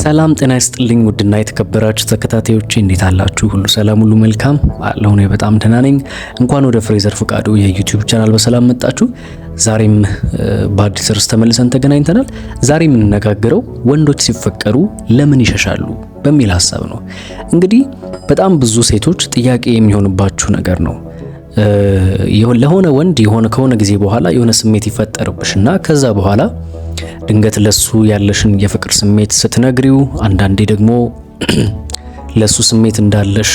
ሰላም ጤና ይስጥልኝ ውድና የተከበራችሁ ተከታታዮች እንዴት አላችሁ? ሁሉ ሰላም፣ ሁሉ መልካም አለሁን? በጣም ደህና ነኝ። እንኳን ወደ ፍሬዘር ፍቃዱ የዩቲዩብ ቻናል በሰላም መጣችሁ። ዛሬም በአዲስ ርዕስ ተመልሰን ተገናኝተናል። ዛሬ የምንነጋገረው ወንዶች ሲፈቀሩ ለምን ይሸሻሉ በሚል ሀሳብ ነው። እንግዲህ በጣም ብዙ ሴቶች ጥያቄ የሚሆንባችሁ ነገር ነው። ለሆነ ወንድ የሆነ ከሆነ ጊዜ በኋላ የሆነ ስሜት ይፈጠርብሽና ከዛ በኋላ ድንገት ለሱ ያለሽን የፍቅር ስሜት ስትነግሪው፣ አንዳንዴ ደግሞ ለሱ ስሜት እንዳለሽ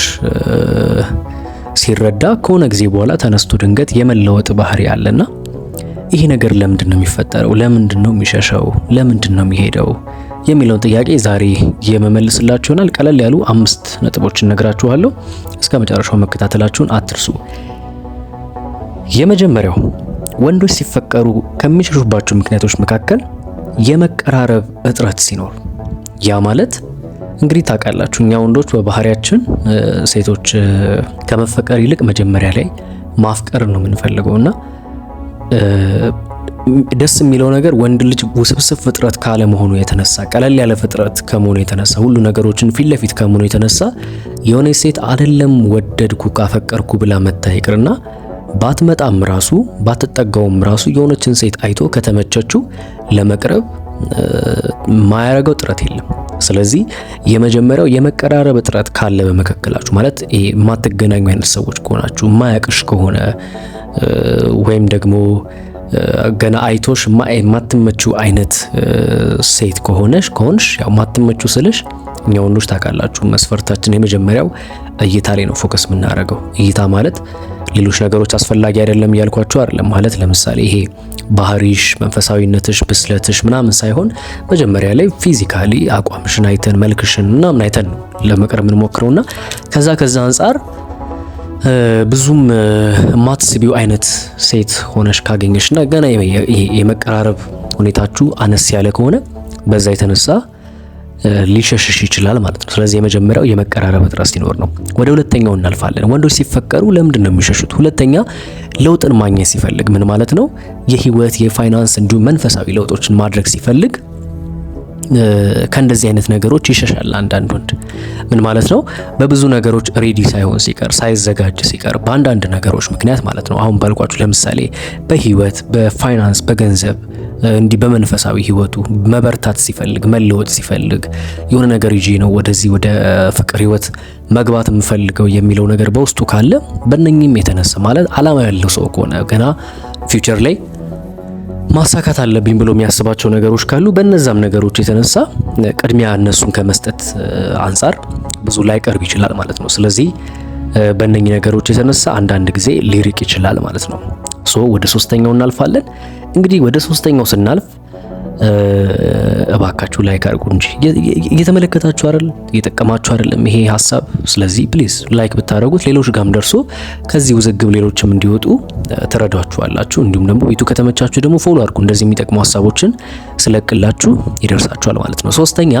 ሲረዳ ከሆነ ጊዜ በኋላ ተነስቶ ድንገት የመለወጥ ባህሪ አለና ይሄ ነገር ለምንድን ነው የሚፈጠረው? ለምንድን ነው የሚሸሸው? ለምንድን ነው የሚሄደው የሚለውን ጥያቄ ዛሬ የመመልስላችሁ ይሆናል። ቀለል ያሉ አምስት ነጥቦችን ነግራችኋለሁ። እስከ መጨረሻው መከታተላችሁን አትርሱ። የመጀመሪያው ወንዶች ሲፈቀሩ ከሚሸሹባቸው ምክንያቶች መካከል የመቀራረብ እጥረት ሲኖር፣ ያ ማለት እንግዲህ ታውቃላችሁ እኛ ወንዶች በባህሪያችን ሴቶች ከመፈቀር ይልቅ መጀመሪያ ላይ ማፍቀር ነው የምንፈልገው እና ደስ የሚለው ነገር ወንድ ልጅ ውስብስብ ፍጥረት ካለመሆኑ የተነሳ ቀለል ያለ ፍጥረት ከመሆኑ የተነሳ ሁሉ ነገሮችን ፊት ለፊት ከመሆኑ የተነሳ የሆነ ሴት አይደለም ወደድኩ ካፈቀርኩ ብላ መታይቅርና ባትመጣም ራሱ ባትጠጋውም ራሱ የሆነችን ሴት አይቶ ከተመቸችው ለመቅረብ የማያደርገው ጥረት የለም። ስለዚህ የመጀመሪያው የመቀራረብ ጥረት ካለ በመካከላችሁ ማለት የማትገናኙ አይነት ሰዎች ከሆናችሁ ማያቅሽ ከሆነ ወይም ደግሞ ገና አይቶሽ የማትመችው አይነት ሴት ከሆነሽ ከሆንሽ ያው ማትመችው ስልሽ እኛ ወንዶች ታውቃላችሁ መስፈርታችን የመጀመሪያው እይታ ላይ ነው ፎከስ የምናደርገው። እይታ ማለት ሌሎች ነገሮች አስፈላጊ አይደለም እያልኳቸው አይደለም። ማለት ለምሳሌ ይሄ ባህሪሽ፣ መንፈሳዊነትሽ፣ ብስለትሽ ምናምን ሳይሆን መጀመሪያ ላይ ፊዚካሊ አቋምሽን አይተን መልክሽን ምናምን አይተን ነው ለመቅረብ የምንሞክረውና ከዛ ከዛ አንጻር ብዙም ማትስቢው አይነት ሴት ሆነሽ ካገኘሽና ገና የመቀራረብ ሁኔታችሁ አነስ ያለ ከሆነ በዛ የተነሳ ሊሸሸሽ ይችላል ማለት ነው። ስለዚህ የመጀመሪያው የመቀራረብ እጥረት ሲኖር ነው። ወደ ሁለተኛው እናልፋለን። ወንዶች ሲፈቀሩ ለምንድን ነው የሚሸሹት? ሁለተኛ ለውጥን ማግኘት ሲፈልግ ምን ማለት ነው? የህይወት የፋይናንስ እንዲሁም መንፈሳዊ ለውጦችን ማድረግ ሲፈልግ ከእንደዚህ አይነት ነገሮች ይሸሻል አንዳንድ ወንድ። ምን ማለት ነው? በብዙ ነገሮች ሬዲ ሳይሆን ሲቀር ሳይዘጋጅ ሲቀር በአንዳንድ ነገሮች ምክንያት ማለት ነው። አሁን ባልኳችሁ ለምሳሌ በህይወት፣ በፋይናንስ፣ በገንዘብ እንዲህ በመንፈሳዊ ህይወቱ መበርታት ሲፈልግ መለወጥ ሲፈልግ የሆነ ነገር ይዤ ነው ወደዚህ ወደ ፍቅር ህይወት መግባት የምፈልገው የሚለው ነገር በውስጡ ካለ በእነኝም የተነሳ ማለት አላማ ያለው ሰው ከሆነ ገና ፊውቸር ላይ ማሳካት አለብኝ ብሎ የሚያስባቸው ነገሮች ካሉ በእነዛም ነገሮች የተነሳ ቅድሚያ እነሱን ከመስጠት አንጻር ብዙ ቀርብ ይችላል ማለት ነው። ስለዚህ በእነኚህ ነገሮች የተነሳ አንዳንድ ጊዜ ሊርቅ ይችላል ማለት ነው። ሶ ወደ ሶስተኛው እናልፋለን። እንግዲህ ወደ ሶስተኛው ስናልፍ እባካችሁ ላይክ አድርጉ እንጂ እየተመለከታችሁ አይደል? እየጠቀማችሁ አይደለም ይሄ ሀሳብ። ስለዚህ ፕሊዝ ላይክ ብታደርጉት ሌሎች ጋም ደርሶ ከዚህ ውዝግብ ሌሎችም እንዲወጡ ትረዷችኋላችሁ። እንዲሁም ደግሞ ቤቱ ከተመቻችሁ ደግሞ ፎሎ አድርጉ። እንደዚህ የሚጠቅሙ ሀሳቦችን ስለቅላችሁ ይደርሳችኋል ማለት ነው። ሶስተኛ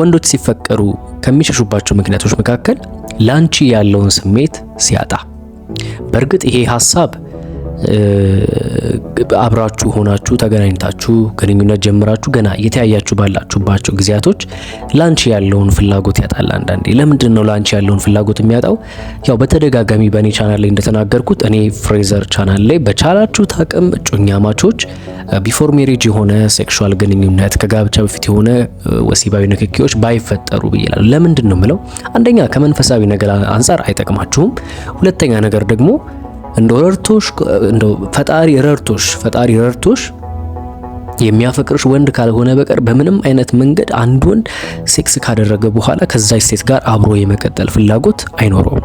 ወንዶች ሲፈቀሩ ከሚሸሹባቸው ምክንያቶች መካከል ላንቺ ያለውን ስሜት ሲያጣ። በእርግጥ ይሄ ሀሳብ አብራችሁ ሆናችሁ ተገናኝታችሁ ግንኙነት ጀምራችሁ ገና እየተያያችሁ ባላችሁባቸው ጊዜያቶች ላንቺ ያለውን ፍላጎት ያጣል። አንዳንዴ ለምንድን ነው ላንቺ ያለውን ፍላጎት የሚያጣው? ያው በተደጋጋሚ በእኔ ቻናል ላይ እንደተናገርኩት እኔ ፍሬዘር ቻናል ላይ በቻላችሁት አቅም እጮኛ ማቾች ቢፎር ሜሬጅ የሆነ ሴክሹዋል ግንኙነት ከጋብቻ በፊት የሆነ ወሲባዊ ንክኪዎች ባይፈጠሩ ብያለሁ። ለምንድን ነው ምለው? አንደኛ ከመንፈሳዊ ነገር አንጻር አይጠቅማችሁም። ሁለተኛ ነገር ደግሞ እንደው ረድቶሽ እንደው ፈጣሪ ረድቶሽ ፈጣሪ ረድቶሽ የሚያፈቅርሽ ወንድ ካልሆነ በቀር በምንም አይነት መንገድ አንድ ወንድ ሴክስ ካደረገ በኋላ ከዛች ሴት ጋር አብሮ የመቀጠል ፍላጎት አይኖረውም።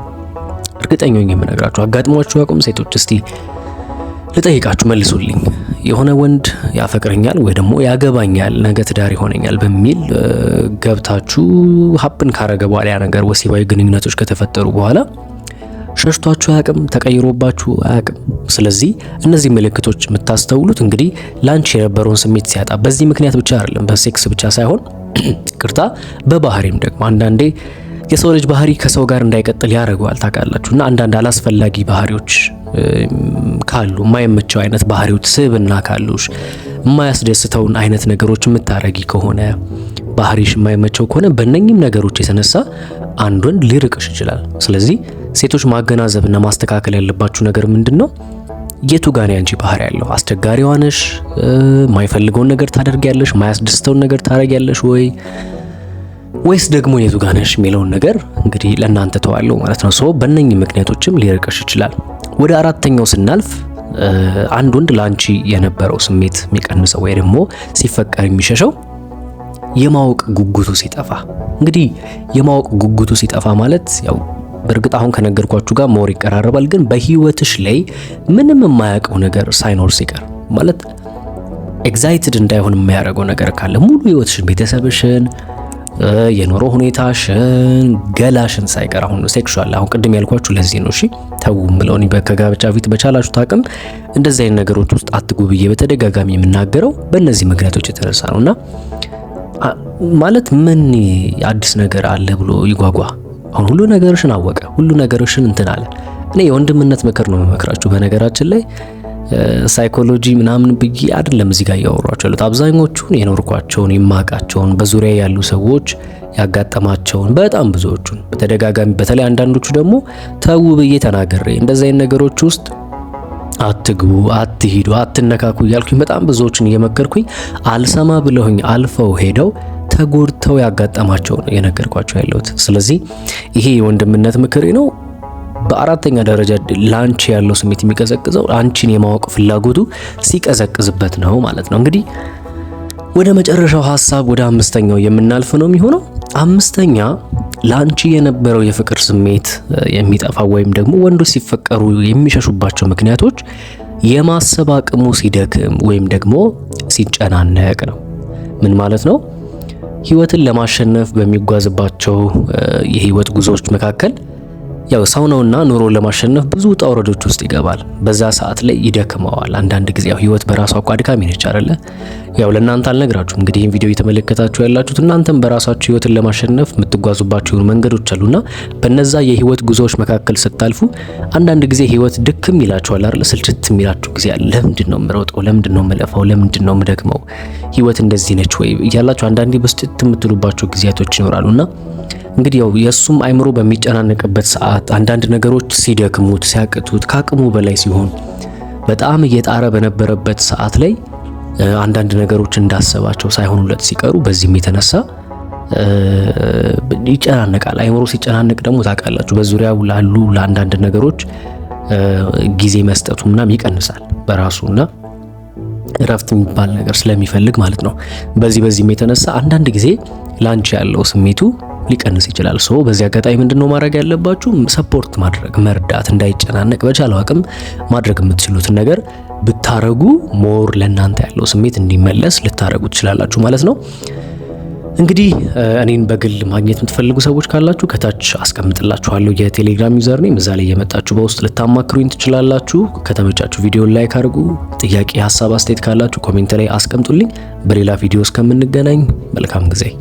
እርግጠኛ ነኝ የምነግራችሁ። አጋጥሟችሁ አቁም ሴቶች እስቲ ልጠይቃችሁ መልሱልኝ። የሆነ ወንድ ያፈቅረኛል ወይ ደግሞ ያገባኛል፣ ነገ ትዳር ይሆነኛል በሚል ገብታችሁ ሀፕን ካረገ በኋላ ያ ነገር ወሲባዊ ግንኙነቶች ከተፈጠሩ በኋላ ሸሽቷችሁ አያቅም፣ ተቀይሮባችሁ አያቅም። ስለዚህ እነዚህ ምልክቶች የምታስተውሉት እንግዲህ ላንቺ የነበረውን ስሜት ሲያጣ በዚህ ምክንያት ብቻ አይደለም፣ በሴክስ ብቻ ሳይሆን ቅርታ በባህሪም ደግሞ አንዳንዴ የሰው ልጅ ባህሪ ከሰው ጋር እንዳይቀጥል ያደርገዋል ታውቃላችሁ። እና አንዳንድ አላስፈላጊ ባህሪዎች ካሉ የማይመቸው አይነት ባህሪዎች ስብና ካሉሽ የማያስደስተውን አይነት ነገሮች የምታረጊ ከሆነ ባህሪሽ የማይመቸው ከሆነ በእነኝም ነገሮች የተነሳ አንድ ወንድ ሊርቅሽ ይችላል። ስለዚህ ሴቶች ማገናዘብና ማስተካከል ያለባችሁ ነገር ምንድን ነው? የቱ ጋር ያንቺ ባህሪ ያለው? አስቸጋሪዋ ነሽ? የማይፈልገውን ነገር ታደርጊያለሽ? የማያስደስተውን ነገር ታደርጊያለሽ ወይ ወይስ ደግሞ የቱ ጋር ነሽ የሚለውን ነገር እንግዲህ ለእናንተ ተዋለው ማለት ነው። ሶ በእነኚህ ምክንያቶችም ሊርቅሽ ይችላል። ወደ አራተኛው ስናልፍ አንድ ወንድ ለአንቺ የነበረው ስሜት የሚቀንሰው ወይ ደግሞ ሲፈቀር የሚሸሸው የማወቅ ጉጉቱ ሲጠፋ እንግዲህ የማወቅ ጉጉቱ ሲጠፋ ማለት ያው በእርግጥ አሁን ከነገርኳችሁ ጋር ሞር ይቀራረባል። ግን በህይወትሽ ላይ ምንም የማያውቀው ነገር ሳይኖር ሲቀር ማለት ኤግዛይትድ እንዳይሆን የሚያደርገው ነገር ካለ ሙሉ ህይወትሽን፣ ቤተሰብሽን፣ የኑሮ ሁኔታሽን፣ ገላሽን ሳይቀር አሁን ሴክሹዋል አሁን ቅድም ያልኳችሁ ለዚህ ነው። እሺ ተው ብለው ከጋብቻ ፊት በቻላችሁ ታቅም እንደዚህ አይነት ነገሮች ውስጥ አትጉ ብዬ በተደጋጋሚ የምናገረው በእነዚህ ምክንያቶች የተነሳ ነውና ማለት ምን አዲስ ነገር አለ ብሎ ይጓጓ አሁን ሁሉ ነገርሽን አወቀ፣ ሁሉ ነገርሽን እንትን አለ። እኔ የወንድምነት ምክር ነው የምመክራችሁ። በነገራችን ላይ ሳይኮሎጂ ምናምን ብዬ አይደለም እዚህ ጋር እያወሯቸው ያሉት። አብዛኞቹን የኖርኳቸውን የማቃቸውን በዙሪያ ያሉ ሰዎች ያጋጠማቸውን በጣም ብዙዎቹን በተደጋጋሚ በተለይ አንዳንዶቹ ደግሞ ተው ብዬ ተናገሬ እንደዚህ አይነት ነገሮች ውስጥ አትግቡ፣ አትሂዱ፣ አትነካኩ እያልኩኝ በጣም ብዙዎችን እየመከርኩኝ አልሰማ ብለውኝ አልፈው ሄደው ተጎድተው ያጋጠማቸው ነው የነገርኳቸው ያለሁት። ስለዚህ ይሄ የወንድምነት ምክሬ ነው። በአራተኛ ደረጃ ላንቺ ያለው ስሜት የሚቀዘቅዘው አንቺን የማወቅ ፍላጎቱ ሲቀዘቅዝበት ነው ማለት ነው። እንግዲህ ወደ መጨረሻው ሀሳብ ወደ አምስተኛው የምናልፍ ነው የሚሆነው። አምስተኛ ለአንቺ የነበረው የፍቅር ስሜት የሚጠፋ ወይም ደግሞ ወንዶች ሲፈቀሩ የሚሸሹባቸው ምክንያቶች የማሰብ አቅሙ ሲደክም ወይም ደግሞ ሲጨናነቅ ነው። ምን ማለት ነው? ህይወትን ለማሸነፍ በሚጓዝባቸው የህይወት ጉዞዎች መካከል ያው ሰው ነውና ኑሮ ለማሸነፍ ብዙ ውጣ ውረዶች ውስጥ ይገባል። በዛ ሰዓት ላይ ይደክመዋል። አንዳንድ ጊዜ ያው ህይወት በራሷ አቋ አድካሚ ነች አይደለ? ያው ለእናንተ አልነግራችሁም። እንግዲህ ይህን ቪዲዮ እየተመለከታችሁ ያላችሁት እናንተም በራሳችሁ ህይወትን ለማሸነፍ የምትጓዙባችሁ መንገዶች አሉና በነዛ የህይወት ጉዞዎች መካከል ስታልፉ አንዳንድ ጊዜ ህይወት ድክም ይላችኋል አይደለ? ስልችት የሚላችሁ ጊዜ አለ። ለምንድን ነው የምሮጠው? ለምንድን ነው የምለፋው? ለምንድን ነው የምደክመው? ህይወት እንደዚህ ነች ወይ እያላችሁ አንዳንዴ በስጭት የምትሉባቸው ጊዜያቶች ይኖራሉና እንግዲህ ያው የእሱም አይምሮ በሚጨናነቅበት ሰዓት አንዳንድ ነገሮች ሲደክሙት፣ ሲያቅቱት፣ ከአቅሙ በላይ ሲሆን በጣም እየጣረ በነበረበት ሰዓት ላይ አንዳንድ ነገሮች እንዳሰባቸው ሳይሆኑለት ሲቀሩ በዚህም የተነሳ ይጨናነቃል። አይምሮ ሲጨናነቅ ደግሞ ታውቃላችሁ በዙሪያው ላሉ ለአንዳንድ ነገሮች ጊዜ መስጠቱ ምናም ይቀንሳል በራሱና እረፍት የሚባል ነገር ስለሚፈልግ ማለት ነው። በዚህ በዚህም የተነሳ አንዳንድ ጊዜ ላንቺ ያለው ስሜቱ ሊቀንስ ይችላል። ሶ በዚህ አጋጣሚ ምንድነው ማድረግ ያለባችሁ? ሰፖርት ማድረግ መርዳት፣ እንዳይጨናነቅ በቻለው አቅም ማድረግ የምትችሉትን ነገር ብታረጉ ሞር ለእናንተ ያለው ስሜት እንዲመለስ ልታረጉ ትችላላችሁ ማለት ነው። እንግዲህ እኔን በግል ማግኘት የምትፈልጉ ሰዎች ካላችሁ ከታች አስቀምጥላችኋለሁ የቴሌግራም ዩዘር ነኝ። እዛ ላይ የመጣችሁ በውስጥ ልታማክሩኝ ትችላላችሁ። ከተመቻችሁ ቪዲዮ ላይክ አድርጉ። ጥያቄ፣ ሀሳብ፣ አስተያየት ካላችሁ ኮሜንት ላይ አስቀምጡልኝ። በሌላ ቪዲዮ እስከምንገናኝ መልካም ጊዜ